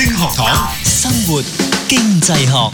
星生活經濟學，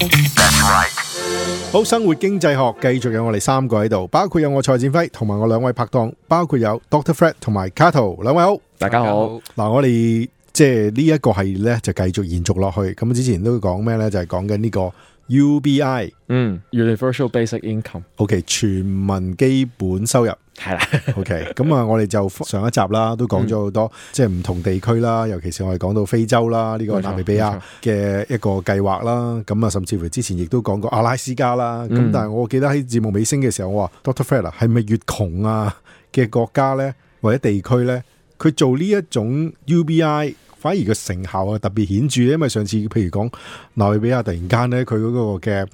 好生活經濟學繼續有我哋三個喺度，包括有我蔡展輝同埋我兩位拍檔，包括有 Doctor Fred 同埋 Cato 兩位好，大家好。嗱、啊，我哋即係、這個、呢一個系列咧，就繼續延續落去。咁之前都講咩咧？就係講緊呢個 UBI，嗯，Universal Basic Income，OK，、okay，全民基本收入。係啦 ，OK，咁啊，我哋就上一集啦，都講咗好多，嗯、即係唔同地區啦，尤其是我哋講到非洲啦，呢、這個納米比亞嘅一個計劃啦，咁啊錯，甚至乎之前亦都講過阿拉斯加啦，咁、嗯、但係我記得喺節目尾聲嘅時候我，我話 Doctor Feller 係咪越窮啊嘅國家咧，或者地區咧，佢做呢一種 UBI 反而個成效啊特別顯著，因為上次譬如講納米比亞突然間咧，佢嗰個嘅。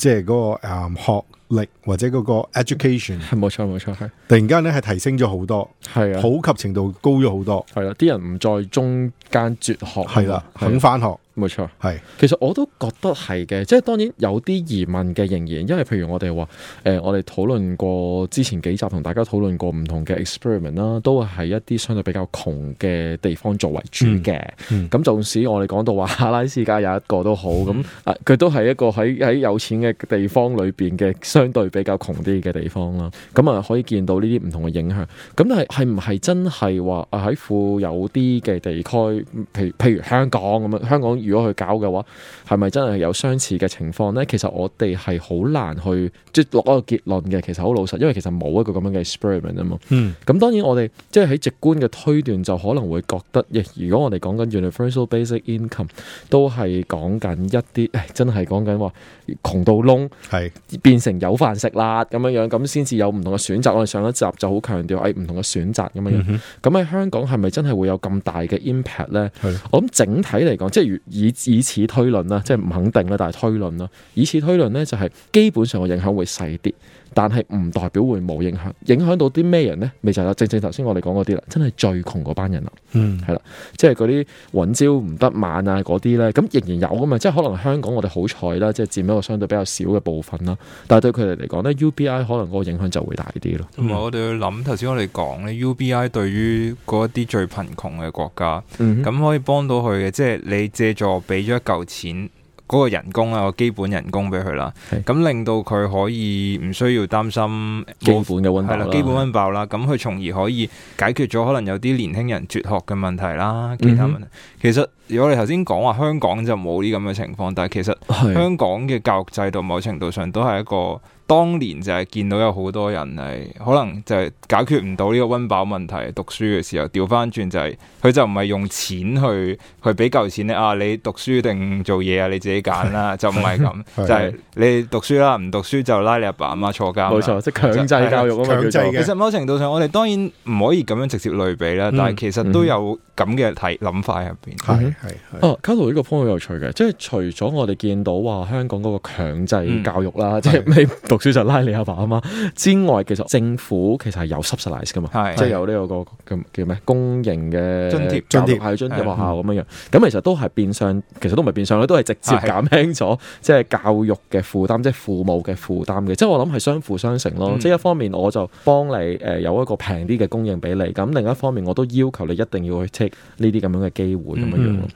即係嗰、那個誒、嗯、學歷或者嗰個 education，係冇錯冇錯，係突然間咧係提升咗好多，係啊的，普及程度高咗好多，係啦，啲人唔再中間絕學，係啦的，的肯返學。冇錯，係。其實我都覺得係嘅，即係當然有啲疑問嘅仍然，因為譬如我哋話誒，我哋討論過之前幾集同大家討論過唔同嘅 experiment 啦，都係一啲相對比較窮嘅地方作為主嘅。咁縱使我哋講到話阿拉斯加有一個都好，咁啊佢都係一個喺喺有錢嘅地方裏邊嘅相對比較窮啲嘅地方啦。咁啊可以見到呢啲唔同嘅影響。咁但係係唔係真係話啊喺富有啲嘅地區，譬如譬如香港咁樣，香港如果去搞嘅話，係咪真係有相似嘅情況咧？其實我哋係好難去即係落一個結論嘅。其實好老實，因為其實冇一個咁樣嘅 experiment 啊嘛、嗯。咁當然我哋即係喺直觀嘅推斷，就可能會覺得，如果我哋講緊 universal basic income，都係講緊一啲，誒、哎，真係講緊話窮到窿，是 變成有飯食啦咁樣樣，咁先至有唔同嘅選擇。我哋上一集就好強調，誒、哎，唔同嘅選擇咁樣、嗯、哼 樣。咁喺香港係咪真係會有咁大嘅 impact 咧？是的 我諗整體嚟講，即係以以此推論啦，即係唔肯定啦，但係推論啦。以此推論咧，就係基本上個影響會細啲。但係唔代表會冇影響，影響到啲咩人咧？咪就係正正頭先我哋講嗰啲啦，真係最窮嗰班人啦，係啦、嗯，即係嗰啲揾朝唔得晚啊嗰啲咧，咁仍然有㗎嘛，即係可能香港我哋好彩啦，即係佔一個相對比較少嘅部分啦，但係對佢哋嚟講咧，UBI 可能個影響就會大啲咯。同埋、嗯、我哋要諗頭先我哋講咧，UBI 對於嗰一啲最貧窮嘅國家，咁、嗯嗯、可以幫到佢嘅，即係你借助俾咗一嚿錢。嗰個人工啊，個基本人工俾佢啦，咁是令到佢可以唔需要擔心基本嘅溫係啦，基本溫飽啦，咁佢從而可以解決咗可能有啲年輕人輟學嘅問題啦，其他問題。嗯、哼其實如果你哋頭先講話香港就冇呢咁嘅情況，但係其實的香港嘅教育制度某程度上都係一個。當年就係見到有好多人係可能就係解決唔到呢個溫飽問題，讀書嘅時候調翻轉就係佢就唔係用錢去去俾嚿錢你啊，你讀書定做嘢啊，你自己揀啦，就唔係咁，就係你讀書啦，唔讀書就拉你阿爸阿媽坐監，冇錯，即係強制教育啊嘛，強制嘅。其實某程度上，我哋當然唔可以咁樣直接類比啦，但係其實都有咁嘅睇諗法入邊。係係哦，Carlo 呢個 point 好有趣嘅，即係除咗我哋見到話香港嗰個強制教育啦，即係未主要拉你阿爸阿媽之外，其實政府其實係有 subsidise 嘛，是即係有呢、個叫叫咩公營嘅津貼津貼派津貼咁樣樣，咁、嗯、其實都係變相，其實都唔係變相都係直接減輕咗即係教育嘅負擔，即係父母嘅負擔嘅，即係我諗係相輔相成咯。即係、嗯、一方面我就幫你誒有一個平啲嘅供應俾你，咁另一方面我都要求你一定要去 take 呢啲咁樣嘅機會咁樣樣咯。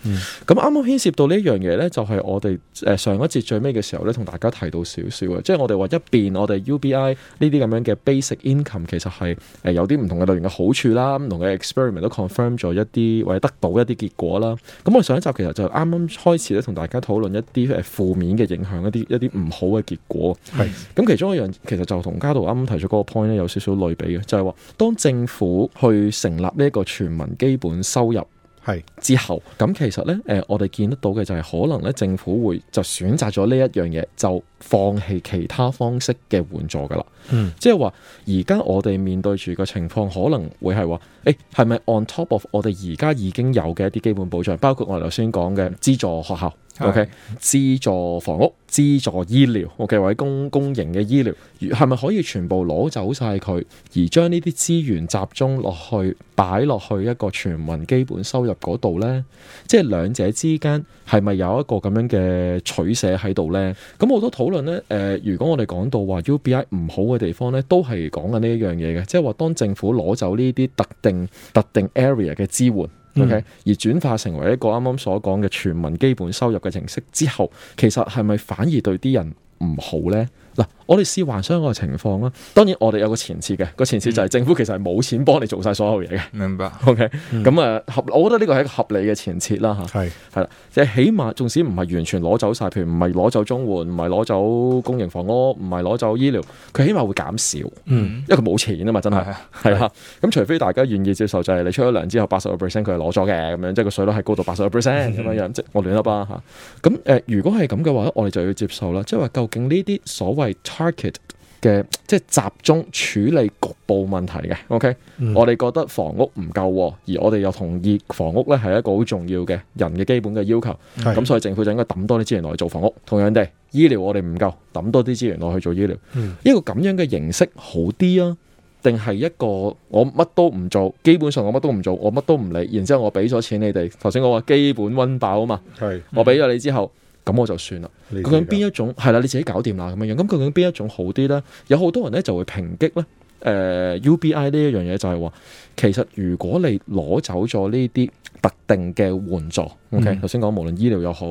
咁啱啱牽涉到呢一樣嘢咧，就係、是、我哋誒上一節最尾嘅時候咧，同大家提到少少嘅，即係我哋話一。我哋 UBI 呢啲咁樣嘅 basic income 其實係誒、呃、有啲唔同嘅類型嘅好處啦，唔同嘅 experiment 都 confirm 咗一啲或者得到一啲結果啦。咁我上一集其實就啱啱開始咧，同大家討論一啲誒負面嘅影響，一啲一啲唔好嘅結果。係咁，是其中一樣其實就同嘉道啱啱提出嗰個 point 咧有少少類比嘅，就係、是、話當政府去成立呢一個全民基本收入。係是之後咁，其實咧，誒、呃，我哋見得到嘅就係可能咧，政府會就選擇咗呢一樣嘢，就放棄其他方式嘅援助噶啦。嗯，即係話，而家我哋面對住嘅情況，可能會係話，誒、欸，係咪 on top of 我哋而家已經有嘅一啲基本保障，包括我哋頭先講嘅資助學校？OK. 資助房屋、資助醫療，OK. 或者公公營嘅醫療，係咪可以全部攞走晒佢，而將呢啲資源集中落去擺落去一個全民基本收入嗰度呢？即係兩者之間係咪有一個咁樣嘅取捨喺度呢？咁我都討論呢。誒、呃，如果我哋講到話 U B I 唔好嘅地方呢，都係講緊呢一樣嘢嘅，即係話當政府攞走呢啲特定特定 area 嘅支援。OK，而轉化成為一個啱啱所講嘅全民基本收入嘅程式之後，其實係咪反而對啲人唔好咧？嗱，我哋試幻想個情況啦。當然我哋有個前設嘅，個前設就係政府其實係冇錢幫你做晒所有嘢嘅。明白？OK、嗯。咁啊合，我覺得呢個係一個合理嘅前設啦吓。係係啦，即係起碼，縱使唔係完全攞走晒，譬如唔係攞走綜援，唔係攞走公營房屋，唔係攞走醫療，佢起碼會減少。嗯、因為佢冇錢啊嘛，真係係啊。咁除非大家願意接受就係、是、你出咗糧之後，八十個 percent 佢係攞咗嘅，咁樣即係個稅率係高到八十個 percent 咁樣樣，即我亂甩啦吓。咁、啊、誒、啊呃，如果係咁嘅話我哋就要接受啦。即係話究竟呢啲所謂係 target 嘅，即係集中處理局部問題嘅。OK，、嗯、我哋覺得房屋唔夠，而我哋又同意房屋咧係一個好重要嘅人嘅基本嘅要求。咁是所以政府就應該抌多啲資源落去做房屋。同樣地，醫療我哋唔夠，抌多啲資源落去做醫療。嗯、一個咁樣嘅形式好啲啊？定係一個我乜都唔做，基本上我乜都唔做，我乜都唔理，然之後我俾咗錢你哋。頭先講話基本温飽啊嘛，嗯、我俾咗你之後。咁我就算啦。究竟邊一種係啦？你自己搞掂啦，咁樣樣。咁究竟邊一種好啲咧？有好多人咧就會抨擊咧。誒、呃、UBI 呢一樣嘢就係、是、話，其實如果你攞走咗呢啲特定嘅援助，OK，頭先講無論醫療又好、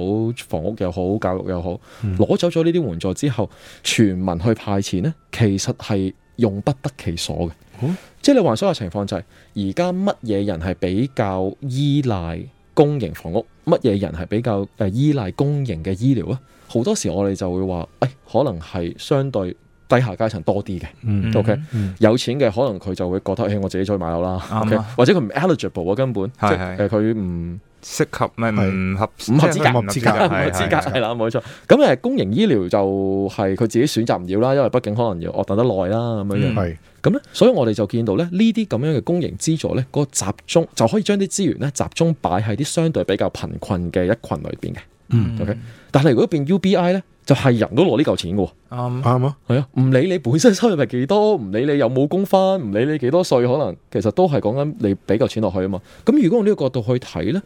房屋又好、教育又好，攞、嗯、走咗呢啲援助之後，全民去派錢咧，其實係用不得其所嘅。哦、即係你話所謂情況就係、是，而家乜嘢人係比較依賴？公營房屋，乜嘢人係比較誒依賴公營嘅醫療啊？好多時我哋就會話，誒，可能係相對低下階層多啲嘅。嗯，OK，嗯，有錢嘅可能佢就會覺得，誒、哎，我自己再去買樓啦，OK，或者佢唔 eligible，根本的即係佢唔。呃適合咩？唔、嗯、是合唔合資格，唔合資格係啦，冇錯。咁誒，公營醫療就係佢自己選擇唔要啦，因為畢竟可能要我等得耐啦咁樣樣。係咁咧，所以我哋就見到咧呢啲咁樣嘅公營資助咧，嗰個集中就可以將啲資源咧集中擺喺啲相對比較貧困嘅一群裏邊嘅。嗯，OK。但係如果變 UBI 咧，就係、是、人都攞呢嚿錢嘅，啱係嘛？係啊，唔理你本身收入係幾多，唔理你有冇工返，唔理你幾多稅，可能其實都係講緊你俾嚿錢落去啊嘛。咁如果用呢個角度去睇咧，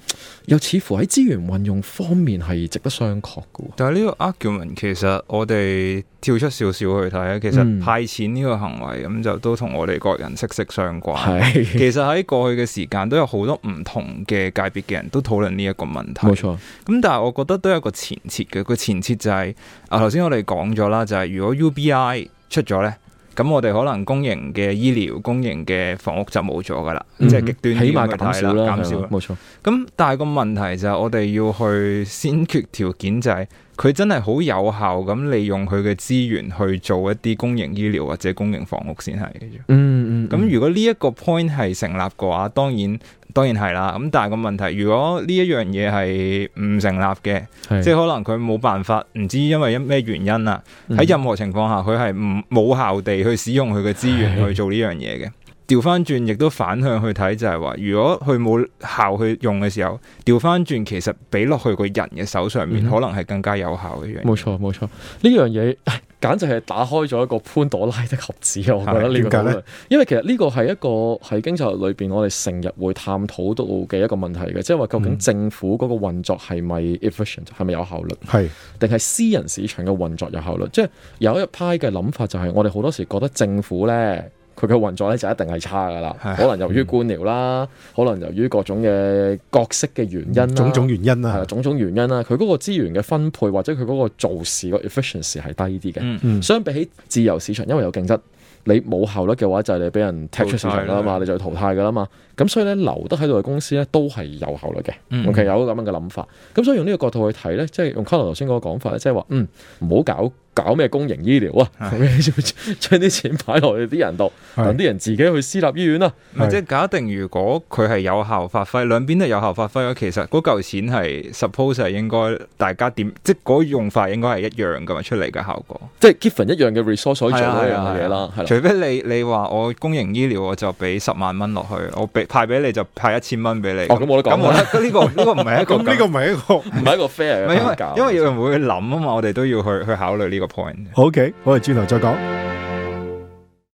又似乎喺資源運用方面係值得商榷嘅。但係呢個 argument 其實我哋跳出少少去睇咧，其實派錢呢個行為咁、嗯、就都同我哋個人息息相關。係是，其實喺過去嘅時間都有好多唔同嘅界別嘅人都討論呢一個問題。冇錯錯。咁但係我覺得都有一個前提。嘅個前設就係啊，頭先我哋講咗啦，就係如果 UBI 出咗呢，咁我哋可能公營嘅醫療、公營嘅房屋就冇咗噶啦，嗯哼即係極端起碼減少咯，減少冇錯。咁但係個問題就係我哋要去先決條件就係佢真係好有效咁利用佢嘅資源去做一啲公營醫療或者公營房屋先係。嗯，嗯嗯。咁如果呢一個 point 係成立嘅話，當然。當然係啦，咁但係個問題，如果呢一樣嘢係唔成立嘅，的即係可能佢冇辦法，唔知因為因咩原因啊，喺、嗯、任何情況下佢係唔冇效地去使用佢嘅資源去做呢樣嘢嘅。調翻轉亦都反向去睇，就係話如果佢冇效去用嘅時候，調翻轉其實俾落去個人嘅手上面，可能係更加有效嘅樣。冇錯冇錯，呢樣嘢簡直係打開咗一個潘朵拉的盒子啊！的我覺得呢個點解咧？因為其實呢個係一個喺經濟學裏邊我哋成日會探討到嘅一個問題嘅，即係話究竟政府嗰個運作係咪 efficient，係咪有效率？係、嗯，定係私人市場嘅運作有效率？是即係有一派嘅諗法就係，我哋好多時覺得政府咧。佢嘅運作咧就一定係差噶啦，的可能由於官僚啦，嗯、可能由於各種嘅角色嘅原因，種種原因啦、啊，的種種原因啦，佢嗰、啊、個資源嘅分配或者佢嗰個做事個 efficiency 係低啲嘅。嗯、相比起自由市場，因為有競爭，你冇效率嘅話，就係、是、你俾人踢出市場噶啦、嗯、嘛，你就淘汰噶啦嘛。咁所以咧，留得喺度嘅公司咧，都係有效率嘅。我其實有咁樣嘅諗法。咁所以用呢個角度去睇咧，即係用 Kyle 頭先嗰個講法咧，即係話，嗯，唔、嗯、好搞。搞咩公營醫療啊？將啲錢擺落去啲人度，等啲人自己去私立醫院啦。或者假定，如果佢係有效發揮，兩邊都有效發揮咧，其實嗰嚿錢係 suppose 係應該大家點，即嗰用法應該係一樣㗎嘛，出嚟嘅效果，即係結分一樣嘅 resource 去做一樣嘢啦。除非你你話我公營醫療，我就俾十萬蚊落去，我俾派俾你就派一千蚊俾你。哦，咁冇得講啦。咁呢個呢個唔係一個，呢個唔係一個唔係一個 fair，因為因為有人會諗啊嘛，我哋都要去去考慮呢個。好嘅，我哋轉頭再講。